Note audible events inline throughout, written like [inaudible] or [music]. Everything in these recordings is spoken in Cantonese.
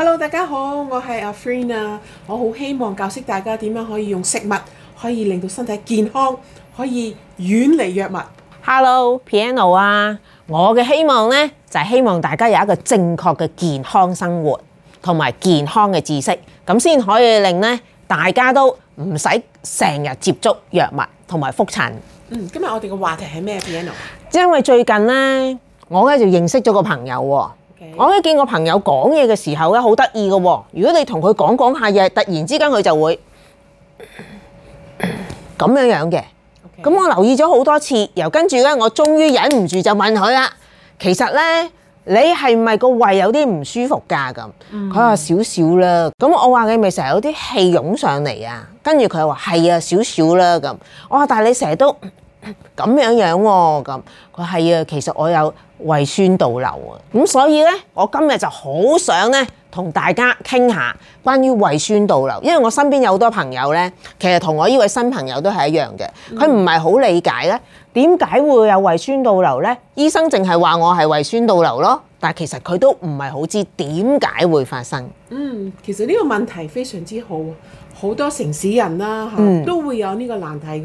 Hello，大家好，我係阿 Freen 啊，我好希望教識大家點樣可以用食物可以令到身體健康，可以遠離藥物。Hello，Piano 啊，我嘅希望呢就係希望大家有一個正確嘅健康生活，同埋健康嘅知識，咁先可以令呢大家都唔使成日接觸藥物同埋覆診。嗯，今日我哋嘅話題係咩？Piano，因為最近呢，我咧就認識咗個朋友。我咧見我朋友講嘢嘅時候咧，好得意嘅喎。如果你同佢講講下嘢，突然之間佢就會咁樣樣嘅。咁 Okay. 我留意咗好多次，又跟住咧，我終於忍唔住就問佢啦。其實咧，你係咪個胃有啲唔舒服㗎？咁佢話少少啦。咁我話你咪成日有啲氣湧上嚟啊。跟住佢話係啊，少少啦。咁我話但係你成日都。咁樣樣喎，咁佢係啊，其實我有胃酸倒流啊，咁所以呢，我今日就好想呢，同大家傾下關於胃酸倒流，因為我身邊有好多朋友呢，其實同我呢位新朋友都係一樣嘅，佢唔係好理解呢，點解會有胃酸倒流呢。醫生淨係話我係胃酸倒流咯，但係其實佢都唔係好知點解會發生。嗯，其實呢個問題非常之好，好多城市人啦都會有呢個難題嘅，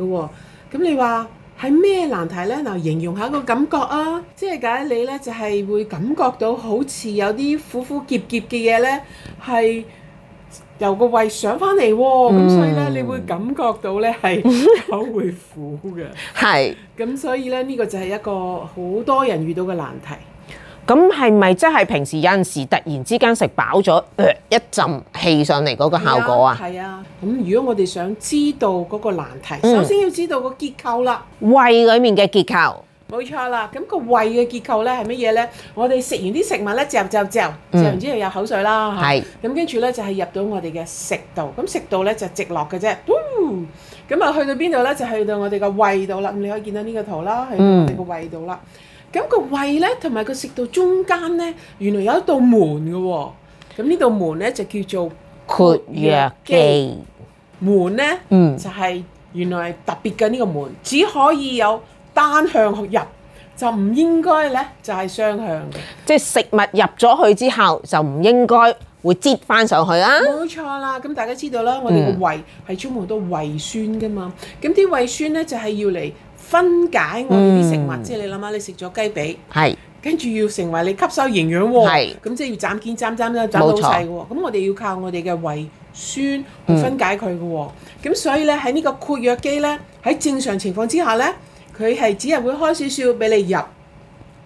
咁你話？係咩難題呢？嗱，形容下個感覺啊，即係咁，你呢，就係、是、會感覺到好似有啲苦苦澀澀嘅嘢呢，係由個胃上翻嚟喎，咁、嗯、所以呢，你會感覺到呢係口會苦嘅，係 [laughs] 是，咁所以呢，呢、這個就係一個好多人遇到嘅難題。咁係咪真係平時有陣時突然之間食飽咗，噏、呃、一陣氣上嚟嗰個效果啊？係啊，咁如果我哋想知道嗰個難題，嗯、首先要知道個結構啦。胃裡面嘅結構。冇錯啦，咁個胃嘅結構咧係乜嘢咧？我哋食完啲食物咧嚼嚼嚼，嚼完、嗯、之後有口水啦，係是。咁跟住咧就係入到我哋嘅食道，咁食道咧就直落嘅啫，咁啊去到邊度咧就去到我哋嘅胃度啦。咁你可以見到呢個圖啦，喺我哋嘅胃度啦。嗯咁個胃咧，同埋個食道中間咧，原來有一道門嘅喎。咁呢道門咧就叫做括約肌門咧，就係原來特別嘅呢個門，只可以有單向入，就唔應該咧就係雙向嘅。即係食物入咗去之後，就唔應該會擠翻上去啦。冇錯啦，咁大家知道啦，我哋個胃係專門多胃酸嘅嘛。咁啲胃酸咧就係要嚟，分解我哋啲食物，即係你諗下，你食咗雞髀，跟住要成為你吸收營養喎，咁即係要斬件斬斬啦，斬到好細喎。咁我哋要靠我哋嘅胃酸去分解佢嘅喎。咁所以咧，喺呢個括約肌咧，喺正常情況之下咧，佢係只係會開少少俾你入，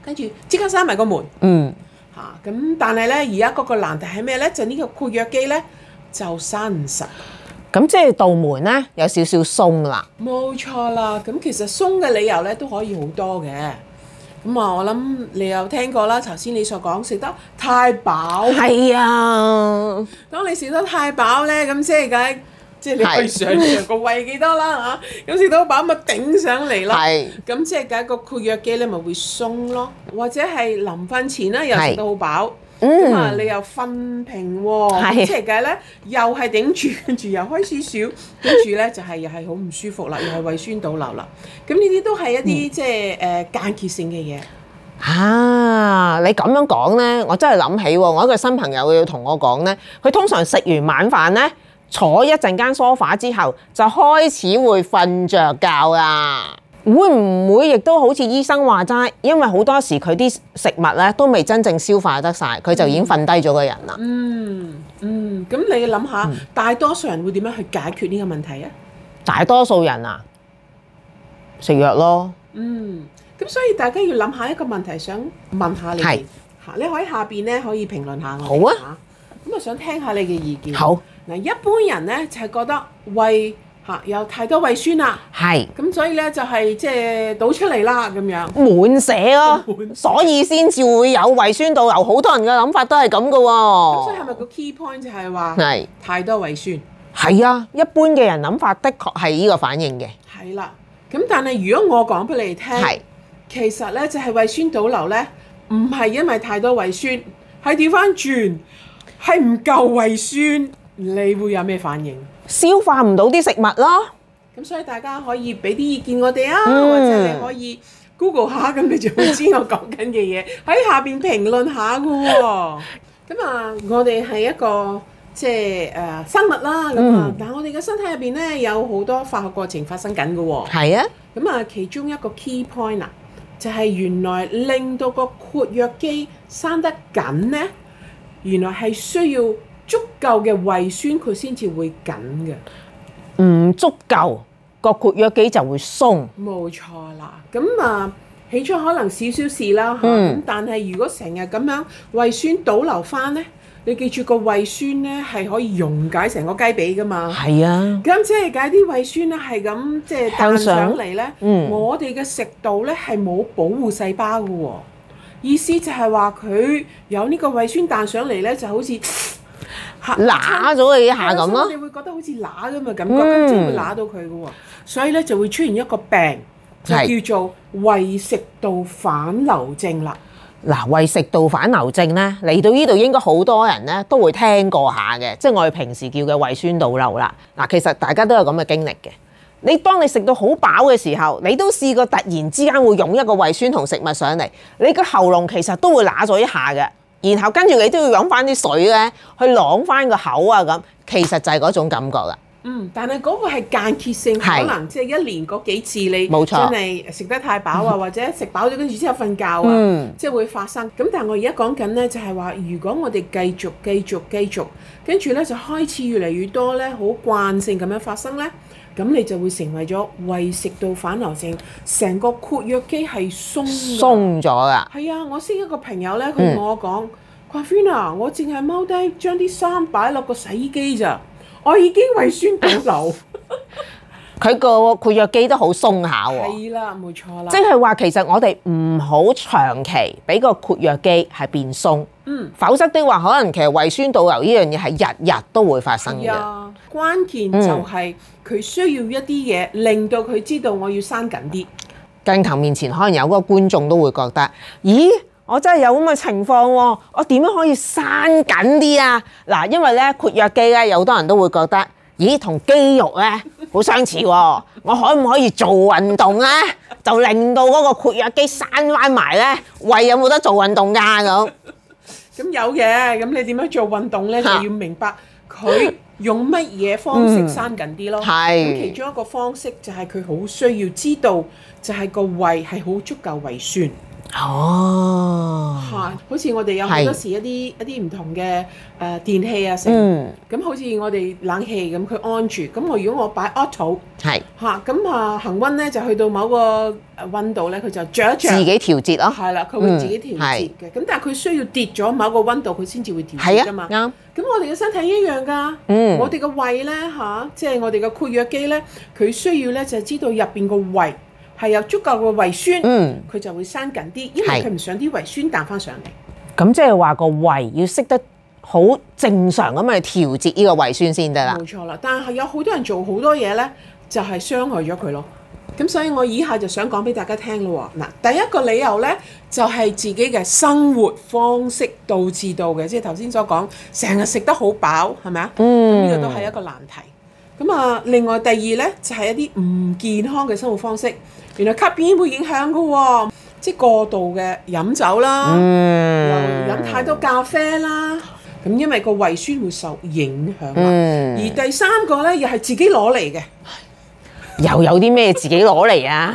跟住即刻閂埋個門。嗯，嚇咁，但係咧而家嗰個難題係咩咧？就呢個括約肌咧就閂唔實。咁即係道門咧有少少鬆啦，冇錯啦。咁其實鬆嘅理由咧都可以好多嘅。咁啊，我諗你有聽過啦。頭先你所講食得太飽，係啊呀。當你食得太飽咧，咁即係解，即係你上嚟個胃幾多啦吓。咁食到飽咪頂上嚟咯。係是。咁即係解個括約肌咧，咪會鬆咯。或者係臨瞓前啦，又食得好飽。咁啊！嗯、你又瞓平喎、哦，即係點咧？又係頂住跟住又開始少跟住咧， [laughs] 就係又係好唔舒服啦，又係胃酸倒流啦。咁呢啲都係一啲、嗯、即係誒、呃、間歇性嘅嘢啊！你咁樣講咧，我真係諗起喎，我一個新朋友要同我講咧，佢通常食完晚飯咧坐一陣間梳化之後，就開始會瞓着覺啊！會唔會亦都好似醫生話齋？因為好多時佢啲食物咧都未真正消化得晒，佢、嗯、就已經瞓低咗個人啦、嗯。嗯嗯，咁你諗下，大多數人會點樣去解決呢個問題啊、嗯？大多數人啊，食藥咯。嗯，咁所以大家要諗下一個問題，想問下你，係是你可以下邊咧可以評論下我。好啊，咁啊想聽下你嘅意見。好嗱，一般人咧就係、是、覺得胃。啊、有太多胃酸啦，係咁係，所以呢，就係即係倒出嚟啦，咁樣滿瀉咯，啊、滿所以先至會有胃酸倒流。好多人嘅諗法都係咁噶喎。咁所以係咪個 key point 就係話係太多胃酸？係啊，一般嘅人諗法的確係呢個反應嘅。係啦、啊，咁但係如果我講俾你聽，係係，其實呢就係胃酸倒流呢，唔係因為太多胃酸，係調翻轉，係唔夠胃酸。你會有咩反應？消化唔到啲食物咯，咁所以大家可以俾啲意見我哋啊，嗯、或者你可以 Google 下，咁你就會知我講緊嘅嘢喺下邊評論下㗎、啊、喎。咁 [laughs] 啊，我哋係一個即係誒生物啦，咁、嗯、啊，但係我哋嘅身體入邊咧有好多化學過程發生緊㗎喎。係啊，咁啊，啊，其中一個 key point 啊，就係、是、原來令到個括約肌生得緊咧，原來係需要。足夠嘅胃酸佢先至會緊嘅，唔足夠個括約肌就會鬆。冇錯啦，咁啊起初可能少少事啦、嗯、但係如果成日咁樣胃酸倒流翻呢，你記住個胃酸呢係可以溶解成個雞髀噶嘛。係啊，咁即係解啲胃酸咧係咁即係彈上嚟呢，嗯、我哋嘅食道呢係冇保護細胞嘅喎，意思就係話佢有呢個胃酸彈上嚟呢，就好似揦咗佢一下咁咯，你會覺得好似揦咁啊，感覺咁就會揦到佢嘅喎。所以咧就會出現一個病，就叫做胃食道反流症啦。嗱、嗯，胃食道反流症咧嚟到呢度應該好多人咧都會聽過一下嘅，即係我哋平時叫嘅胃酸倒流啦。嗱，其實大家都有咁嘅經歷嘅。你當你食到好飽嘅時候，你都試過突然之間會湧一個胃酸同食物上嚟，你個喉嚨其實都會揦咗一下嘅。然後跟住你都要揾翻啲水咧，去啷翻個口啊咁，其實就係嗰種感覺啦。嗯，但係嗰個係間歇性，可能即係一年嗰幾次你冇錯真係食得太飽啊，或者食飽咗跟住之後瞓覺啊，即係會發生。咁但係我而家講緊咧，就係話如果我哋繼續繼續繼續，跟住咧就開始越嚟越多咧，好慣性咁樣發生咧。咁你就會成為咗胃食道反流症，成個括約肌係鬆鬆咗啦。係啊，我識一個朋友呢，佢同我講：a f i n a 我淨係踎低將啲衫擺落個洗衣機咋，我已經胃酸倒流。 [coughs] [laughs] 佢個括約肌都好鬆下喎，係啦，冇錯啦。即係話其實我哋唔好長期俾個括約肌係變鬆，嗯，否則的話可能其實胃酸倒流呢樣嘢係日日都會發生嘅。關鍵就係佢需要一啲嘢令到佢知道我要伸緊啲。鏡頭面前可能有個觀眾都會覺得，咦，我真係有咁嘅情況喎，我點樣可以伸緊啲啊？嗱，因為咧括約肌咧有好多人都會覺得，咦，同肌肉咧。好相似喎，我可唔可以做運動呢？就令到嗰個括約肌閂翻埋呢？胃有冇得做運動㗎咁？咁有嘅，咁你點樣做運動呢？你哈要明白佢用乜嘢方式閂緊啲咯。咁、嗯、其中一個方式就係佢好需要知道，就係個胃係好足夠胃酸。哦，係，好似我哋有好多時一啲是一啲唔同嘅誒電器啊，成咁好似我哋冷氣咁，佢安住，咁我如果我擺 auto，係是，嚇，咁啊恆溫咧就去到某個溫度咧，佢就着一着，自己調節啊，係啦，佢會自己調節嘅，咁、嗯、但係佢需要跌咗某一個溫度佢先至會調節噶嘛，啱、啊。咁我哋嘅身體一樣噶，嗯，我哋嘅胃咧嚇，即係我哋嘅括約肌咧，佢需要咧就係知道入邊個胃。係有足夠嘅胃酸，佢、嗯、就會生緊啲，因為佢唔想啲胃酸彈翻上嚟。咁即係話個胃要識得好正常咁去調節呢個胃酸先得啦。冇錯啦，但係有好多人做好多嘢呢，就係、是、傷害咗佢咯。咁所以我以下就想講俾大家聽咯。嗱，第一個理由呢，就係、是、自己嘅生活方式導致到嘅，即係頭先所講，成日食得好飽，係咪啊？嗯，呢個都係一個難題。咁啊，另外第二呢，就係一啲唔健康嘅生活方式。原來吸煙會影響嘅喎，即係過度嘅飲酒啦，嗯、又飲太多咖啡啦。咁因為個胃酸會受影響。嗯、而第三個呢，又係自己攞嚟嘅，又有啲咩自己攞嚟啊？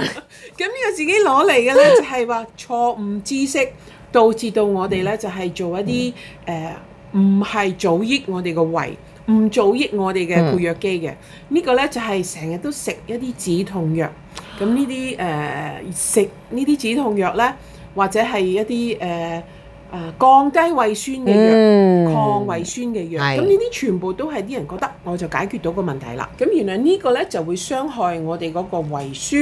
咁呢個自己攞嚟嘅呢，就係話錯誤知識，嗯、導致到我哋呢，就係做一啲誒唔係早益我哋個胃。唔做益我哋嘅配藥機嘅，呢、嗯、個呢，就係成日都食一啲止痛藥，咁呢啲誒食呢啲止痛藥呢，或者係一啲誒啊降低胃酸嘅藥，嗯、抗胃酸嘅藥，咁呢啲全部都係啲人覺得我就解決到個問題啦。咁原來呢個呢，就會傷害我哋嗰個胃酸，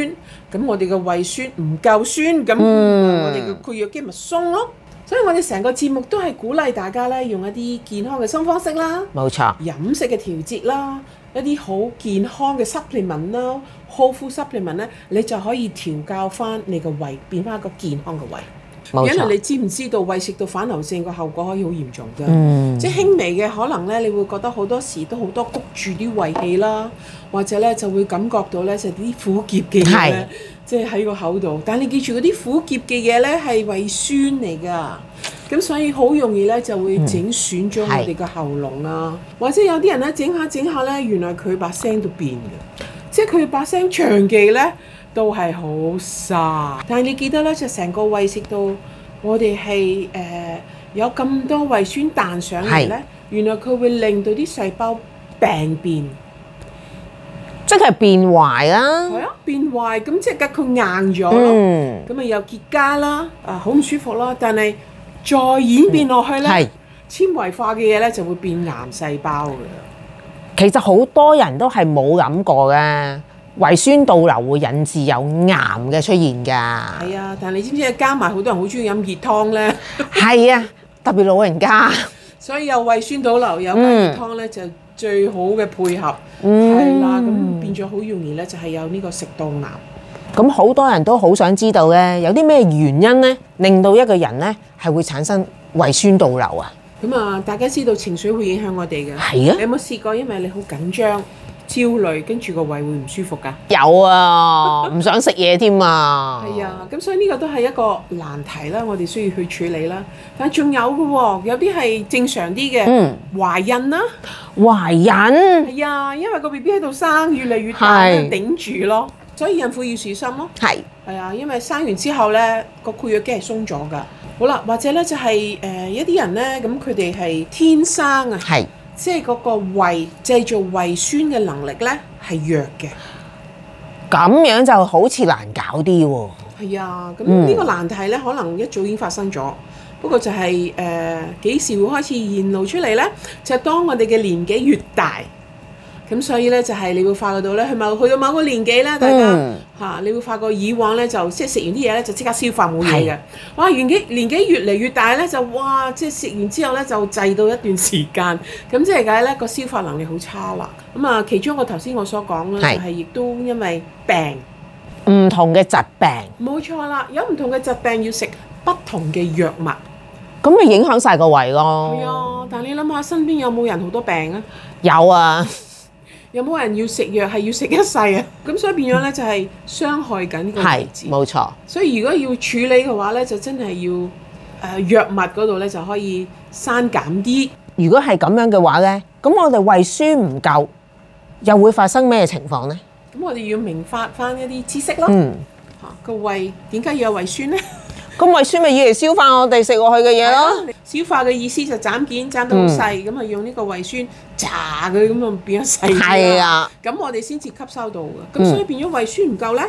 咁我哋嘅胃酸唔夠酸，咁我哋嘅配藥機咪鬆咯。嗯嗯。所以我哋成個節目都係鼓勵大家咧，用一啲健康嘅新方式啦，冇錯，飲食嘅調節啦，一啲好健康嘅 supplement 啦，好富 supplement 咧，你就可以調校返你個胃，變翻一個健康嘅胃。因為你知唔知道胃食道反流症個後果可以好嚴重㗎，嗯、即係輕微嘅可能咧，你會覺得好多時都好多谷住啲胃氣啦，或者咧就會感覺到咧就啲苦澀嘅嘢咧，即係喺個口度。但係你記住嗰啲苦澀嘅嘢咧係胃酸嚟㗎，咁所以好容易咧就會整損咗我哋個喉嚨啊，嗯、或者有啲人咧整下整下咧原來佢把聲都變嘅，即係佢把聲長期咧。都係好晒，但係你記得咧，就成個胃食到我哋係誒有咁多胃酸彈上嚟咧，原來佢會令到啲細胞病變，即係變壞啦。係啊，變壞咁即係佢硬咗咯，咁咪又結痂啦，啊好唔舒服啦。但係再演變落去咧，纖維化嘅嘢咧就會變癌細胞㗎啦。其實好多人都係冇諗過嘅。胃酸倒流會引致有癌嘅出現㗎。係啊，但係你知唔知加埋好多人好中意飲熱湯咧？係啊，特別老人家。所以有胃酸倒流飲熱湯咧，就最好嘅配合。嗯，係啦，咁變咗好容易咧，就係有呢個食道癌。咁好多人都好想知道咧，有啲咩原因咧，令到一個人咧係會產生胃酸倒流啊？咁啊，大家知道情緒會影響我哋嘅。係啊。你有冇試過因為你好緊張？焦慮，跟住個胃會唔舒服噶？有啊，唔 [laughs] 想食嘢添啊！係啊，咁所以呢個都係一個難題啦，我哋需要去處理啦。但係仲有嘅喎，有啲係正常啲嘅，嗯、懷孕啦、啊，懷孕係啊，因為個 B B 喺度生，越嚟越大，是就頂住咯，所以孕婦要小心咯。係係是啊，因為生完之後咧，個括約肌係鬆咗嘅。好啦，或者咧就係、是、誒、呃、一啲人咧，咁佢哋係天生啊。係。即係嗰個胃製造胃酸嘅能力呢係弱嘅，咁樣就好似難搞啲喎。係啊，咁呢個難題呢，可能一早已經發生咗，不過就係誒幾時會開始現露出嚟呢？就係當我哋嘅年紀越大。咁所以咧就係、係、你會發覺到咧，去某去到某個年紀咧，大家嚇、嗯啊、你會發覺以往咧就即係食完啲嘢咧就即刻消化冇嘢嘅。係。哇，年紀年紀越嚟越大咧，就哇即係食完之後咧就滯到一段時間。咁即係解咧？個消化能力好差啦。咁啊，其中我頭先我所講咧係亦都因為病，唔同嘅疾病。冇錯啦，有唔同嘅疾病要食不同嘅藥物，咁咪影響晒個胃咯。係啊，但係你諗下，身邊有冇人好多病啊？有啊。有冇人要食藥係要食一世啊？咁所以變咗呢，就係傷害緊個字，冇錯。所以如果要處理嘅話呢，就真係要誒、呃、藥物嗰度呢，就可以刪減啲。如果係咁樣嘅話呢，咁我哋胃酸唔夠又會發生咩情況呢？咁我哋要明發翻一啲知識咯。嚇、嗯，個胃點解要有胃酸呢？咁胃酸咪要嚟消化我哋食落去嘅嘢咯，消化嘅意思斬斬斬得、嗯、就斬件斬得好細，咁啊用呢個胃酸炸佢，咁是啊變咗細咁我哋先至吸收到嘅。咁所以變咗胃酸唔夠咧，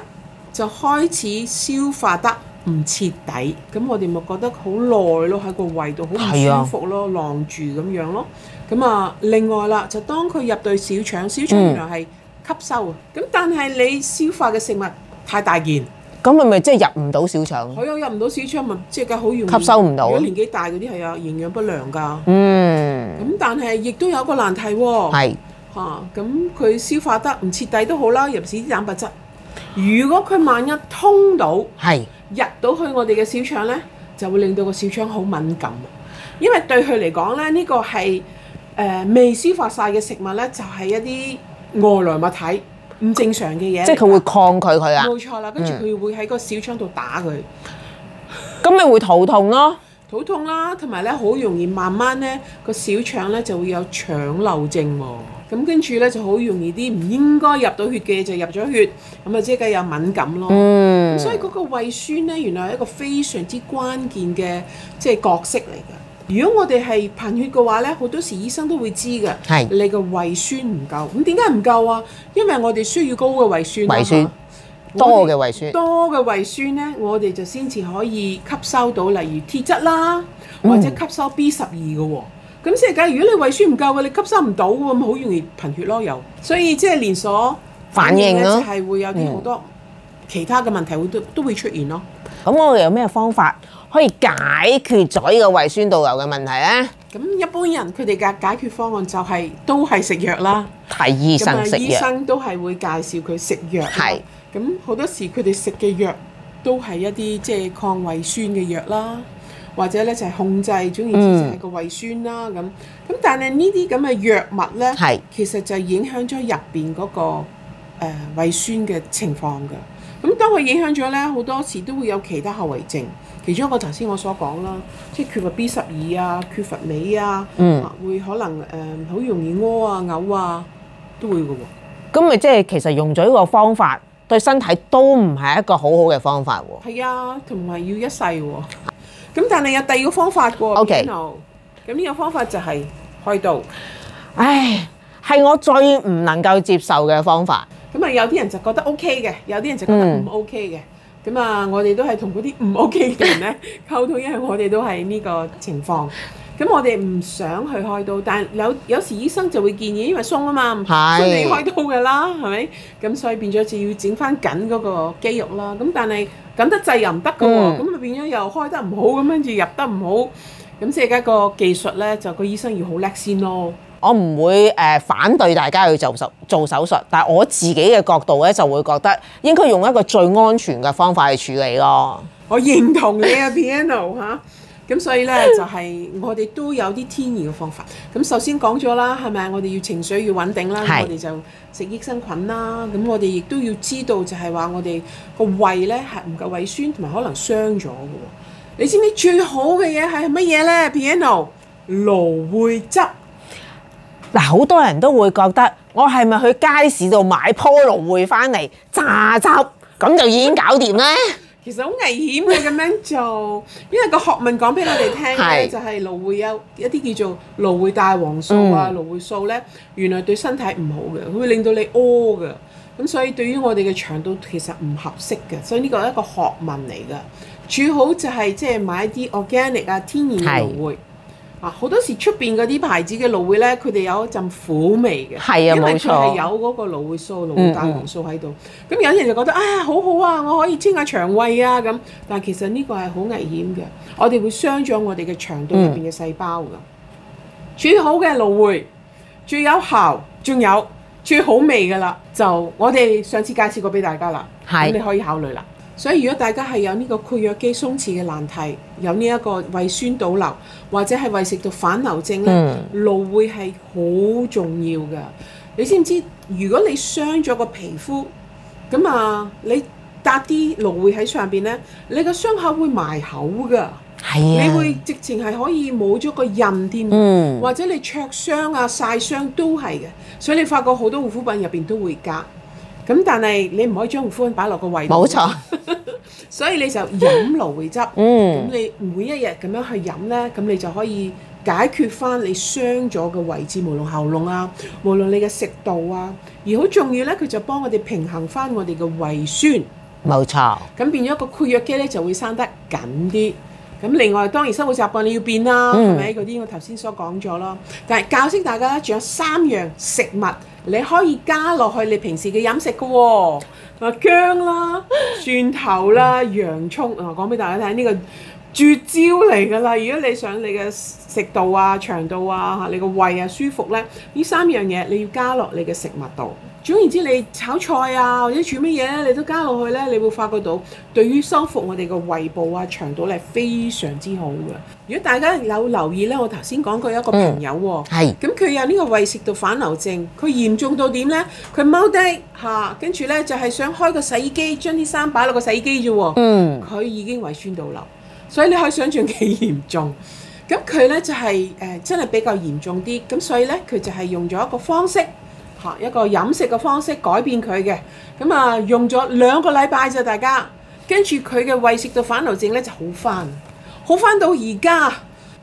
就開始消化得唔徹底。咁我哋咪覺得好耐咯喺個胃度好唔舒服咯，晾是、啊、住咁樣咯。咁啊，另外啦，就當佢入對小腸，小腸原來係吸收啊。咁、嗯、但係你消化嘅食物太大件。咁係咪即係入唔到小腸？佢又入唔到小腸，咪即係好容易吸收唔到。如果年紀大嗰啲係啊，營養不良㗎。嗯。咁但係亦都有個難題喎。係是、啊。咁佢消化得唔徹底都好啦，入屎啲蛋白質。如果佢萬一通到，係是 入到去我哋嘅小腸呢，就會令到個小腸好敏感。因為對佢嚟講呢，呢、呢個係未、呃、消化曬嘅食物呢，就係、是、一啲外來物體。唔正常嘅嘢，即係佢會抗拒佢啊！冇錯啦，跟住佢會喺個小腸度打佢，咁咪、嗯、 [laughs] 會肚、嗯、痛咯，肚痛啦，同埋咧好容易慢慢咧個小腸咧就會有腸漏症喎，咁跟住咧就好容易啲唔應該入到血嘅就入咗血，咁啊即係更加有敏感咯，嗯，所以嗰個胃酸咧原來係一個非常之關鍵嘅即係角色嚟㗎。如果我哋係貧血嘅話咧，好多時醫生都會知嘅。係你嘅胃酸唔夠，咁點解唔夠啊？因為我哋需要高嘅胃酸，胃酸多嘅胃酸，吧多嘅胃酸咧，我哋就先至可以吸收到，例如鐵質啦，或者吸收 B 十二嘅喎。咁即係假如果你胃酸唔夠嘅，你吸收唔到噉，好容易貧血咯又。所以即係連鎖反應咯，係應會有啲好多其他嘅問題，會都都會出現咯。咁、嗯、我哋有咩方法？可以解決咗呢個胃酸倒流嘅問題咧？咁一般人佢哋嘅解決方案就係、是、都係食藥啦。睇醫生食藥，醫生都係會介紹佢食藥。係是。咁好多時佢哋食嘅藥都係一啲即係抗胃酸嘅藥啦，或者咧就係、是、控制總言之係個胃酸啦。咁咁、嗯、但係呢啲咁嘅藥物咧，係是其實就影響咗入邊嗰個、呃、胃酸嘅情況嘅。咁當佢影響咗咧，好多時都會有其他後遺症。其中一個頭先我才所講啦，即係缺乏 B 十二啊，缺乏鎂啊，嗯、會可能誒好、呃、容易屙啊、嘔啊，都會嘅喎、啊。咁咪、嗯、即係其實用咗呢個方法對身體都唔係一個很好好嘅方法喎。係啊，同埋、啊、要一世喎、啊。咁但係有第二個方法喎、啊。O Okay . K。咁呢個方法就係開刀。唉，係我最唔能夠接受嘅方法。咁啊，有啲人就覺得 O K 嘅，有啲人就覺得唔 O K 嘅。嗯咁啊，我哋都係同嗰啲唔 OK 嘅人咧溝通，因為我哋都係呢個情況。咁我哋唔想去開刀，但有有時醫生就會建議，因為鬆啊嘛，唔可以開刀嘅啦，係咪？咁所以變咗就要整翻緊嗰個肌肉啦。咁但係緊得滯又唔得嘅喎，咁咪變咗又開得唔好，咁跟住入得唔好。咁即係而家個技術咧，就個醫生要好叻先咯。我唔會誒反對大家去做手做手術，但係我自己嘅角度咧就會覺得應該用一個最安全嘅方法去處理咯、啊。我認同你啊，Piano 嚇，咁、 [laughs] 啊、所以咧就係、是、我哋都有啲天然嘅方法。咁首先講咗啦，係咪我哋要情緒要穩定啦，是我哋就食益生菌啦。咁我哋亦都要知道就係話我哋個胃咧係唔夠胃酸同埋可能傷咗嘅。你知唔知最好嘅嘢係乜嘢咧，Piano？蘆薈汁。嗱，好多人都會覺得我係咪去街市度買樖蘆薈翻嚟榨汁咁就已經搞掂啦。其實好危險嘅咁樣做，因為個學問講俾我哋聽嘅就係蘆薈有一啲叫做蘆薈大黃素啊、蘆薈、嗯、素咧，原來對身體唔好嘅，會令到你屙㗎。咁所以對於我哋嘅腸道其實唔合適嘅，所以呢個係一個學問嚟㗎。最好就係即係買啲 organic 啊，天然蘆薈。啊、好多時出邊嗰啲牌子嘅蘆薈咧，佢哋有一陣苦味嘅，是啊、因為佢係有嗰個蘆薈素、蘆薈大黃素喺度。咁有啲人就覺得啊、哎，好好啊，我可以清下腸胃啊咁。但係其實呢個係好危險嘅，我哋會傷咗我哋嘅腸道入邊嘅細胞㗎。煮、嗯、好嘅蘆薈最有效，仲有最好味㗎啦。就我哋上次介紹過俾大家啦，咁是你可以考慮啦。所以如果大家係有呢個括約肌鬆弛嘅難題，有呢一個胃酸倒流或者係胃食道反流症咧，蘆薈係好重要噶。你知唔知？如果你傷咗個皮膚，咁啊，你搭啲蘆薈喺上邊咧，你個傷口會埋口噶，係啊，你會直情係可以冇咗個印添，mm. 或者你灼傷啊曬傷都係嘅。所以你發覺好多護膚品入邊都會加。咁但係你唔可以將苦根擺落個胃度，冇錯。 [laughs] 所以你就飲蘆薈汁，咁、嗯、你每一日咁樣去飲呢，咁你就可以解決翻你傷咗嘅位置，無論喉嚨啊，無論你嘅食道啊。而好重要呢，佢就幫我哋平衡翻我哋嘅胃酸，冇錯。咁變咗個括約肌呢，就會生得緊啲。咁另外當然生活習慣你要變啦，係咪嗰啲我頭先所講咗啦？但係教識大家仲有三樣食物你可以加落去你平時嘅飲食嘅喎、哦，啊薑啦、蒜頭啦、嗯、洋蔥啊，講俾大家睇呢個絕招嚟㗎啦！如果你想你嘅食道啊、腸道啊、嚇你個胃啊舒服咧，呢三樣嘢你要加落你嘅食物度。總言之，你炒菜啊，或者煮乜嘢咧，你都加落去咧，你會發覺到對於修復我哋個胃部啊、腸道咧，係非常之好嘅。如果大家有留意咧，我頭先講過有一個朋友喎，咁佢、嗯、係、有呢個胃食道反流症，佢嚴重到點咧？佢踎低吓，跟住咧就係、係、想開個洗衣機，將啲衫擺落個洗衣機啫喎，嗯，佢已經胃酸倒流，所以你可以想像幾嚴重。咁佢咧就係、係呃、真係比較嚴重啲，咁所以咧佢就係用咗一個方式。一個飲食嘅方式改變佢嘅，咁啊，用咗兩個禮拜，就大家跟住佢嘅胃食道反流症咧就好翻，好翻到而家，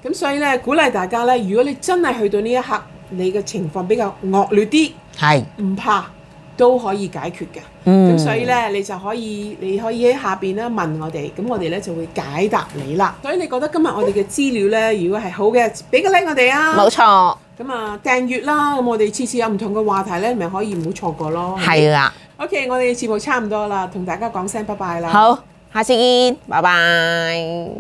咁所以呢，鼓勵大家呢，如果你真係去到呢一刻，你嘅情況比較惡劣啲，唔是怕都可以解決嘅。咁、嗯、所以呢，你就可以你可以喺下面咧問我哋，咁我哋呢就會解答你啦。所以你覺得今日我哋嘅資料呢，嗯、如果係好嘅，俾個 like 我哋啊，冇錯。咁啊，訂閱啦！咁我哋次次有唔同嘅話題咧，咪可以唔好錯過咯。係啦的，OK，我哋節目差唔多啦，同大家講聲拜拜啦。好，下次見，拜拜。